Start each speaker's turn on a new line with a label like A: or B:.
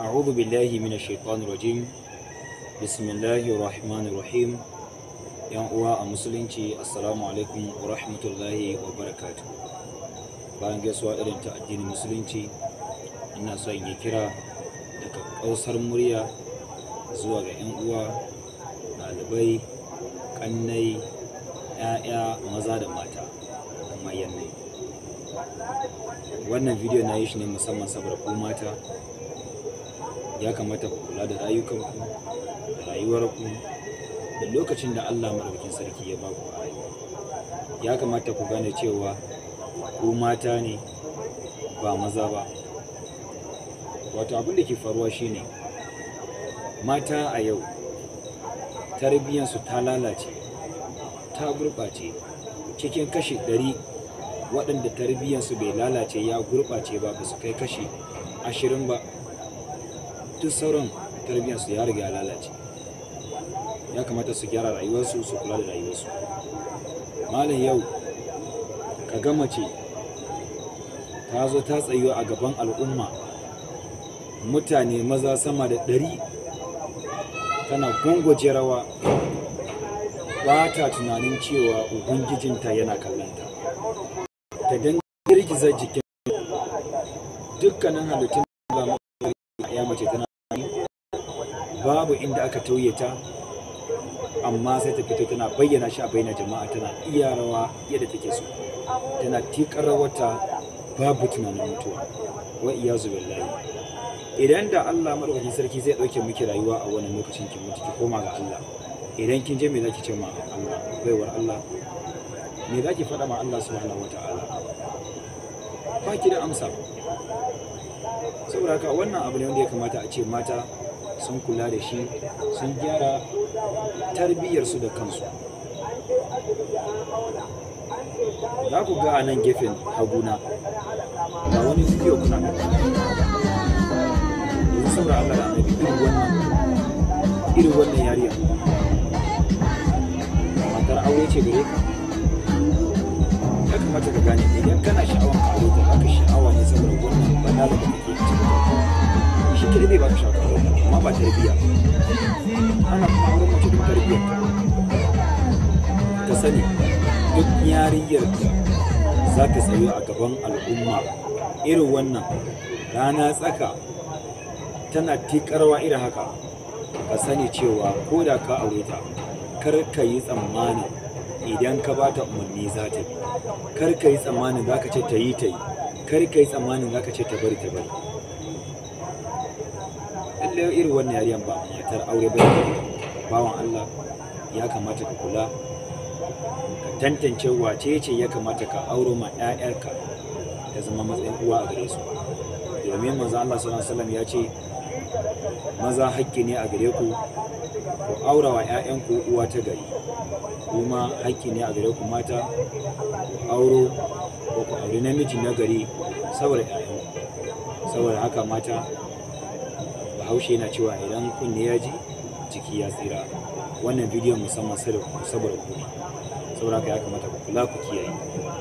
A: أعوذ mina من الشيطان الرجيم بسم الله yan uwa a musulunci assalamu alaikum wa rahmatullahi wa barakatu bayan gaisuwa irin ta addinin musulunci ina son yi kira daga kausar murya zuwa ga yan uwa ɗalibai kannai ‘ya'ya maza da mata kuma yannai wannan bidiyo na yi shi ne musamman saboda ku mata ya kamata ku kula da rayukanku da rayuwarku da lokacin da Allah maɗaukin sarki ya ba ku a ya kamata ku gane cewa ku mata ne ba maza ba wato abin da ke faruwa shine mata a yau tarbiyyansu ta lalace ta gurɓace cikin kashi ɗari waɗanda tarbiyyansu bai lalace ya gurɓace ba ba su kai kashi ashirin ba duk sauran tarbiyyar su ya riga ya lalace ya kamata su gyara rayuwarsu su kula da rayuwarsu malam yau ka ga mace ta zo ta tsayo a gaban al'umma mutane maza sama da ɗari tana gungoje rawa ba ta tunanin cewa ubangijinta yana kallonta ta don girgiza jikin dukkanin halittun ya mace tana babu inda aka tauye ta amma sai ta fito tana bayyana shi a bayyana jama'a tana iya rawa yadda take so tana tikar rawarta babu tunanin mutuwa wa iya layi. idan da Allah madaukakin sarki zai dauke miki rayuwa a wani lokacin ki mutu ki koma ga Allah idan kin je me zaki ce ma Allah baiwar Allah me zaki faɗa ma Allah subhanahu wataala ba ki da amsa saboda haka wannan abu ne wanda ya kamata a ce mata sun kula da shi sun gyara
B: tarbiyyarsu
A: da kansu za ku ga a nan gefen haguna ga wani suke kuna da yanzu saboda Allah da annabi irin wannan irin wannan yariya matar aure ce gare ka kamata ka gane idan kana sha'awar karo ta baka sha'awa ne saboda wannan bana da kake ci gaba shi ke dai baka sha'awa amma ba tarbiyya ana kuma auren mace da tarbiyyar ka sani duk yarinyar za ka tsayo a gaban al'umma irin wannan rana tsaka tana tikarwa irin haka ka sani cewa ko da ka aure ta kar ka yi tsammanin idan ka ba ta umarni za ta bi kar ka yi tsammanin za ka ce ta yi ta yi kar ka yi tsammanin za ka ce ta bari ta bari lallai irin wannan yariyan ba matar aure ba bawan Allah ya kamata ka kula ka tantance wace ce ya kamata ka auro ma 'ya'yarka ya zama matsayin uwa a gare su domin manzo Allah sallallahu alaihi wasallam ya ce maza hakki ne a gare ku ku aura wa 'ya'yanku uwa ta gari kuma hakki ne a gare ku mata ku auro ko ku auri namiji na gari saboda 'ya'yanku saboda haka mata bahaushe yana cewa idan kunne ya ji jiki ya tsira wannan bidiyon musamman saboda ku saboda haka ya kamata ku kula ku kiyaye